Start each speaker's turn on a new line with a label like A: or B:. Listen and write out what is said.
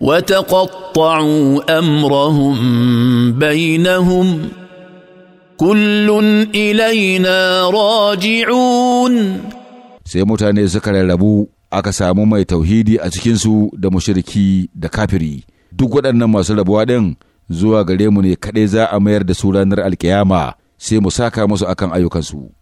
A: وتقطعوا امرهم بينهم كل الينا راجعون
B: sai mutane suka rarrabu aka samu mai tauhidi a cikinsu da mushriki da kafiri duk waɗannan masu rabuwa ɗin zuwa gare mu ne kaɗai za a mayar da su ranar alkiyama sai mu saka musu akan ayyukansu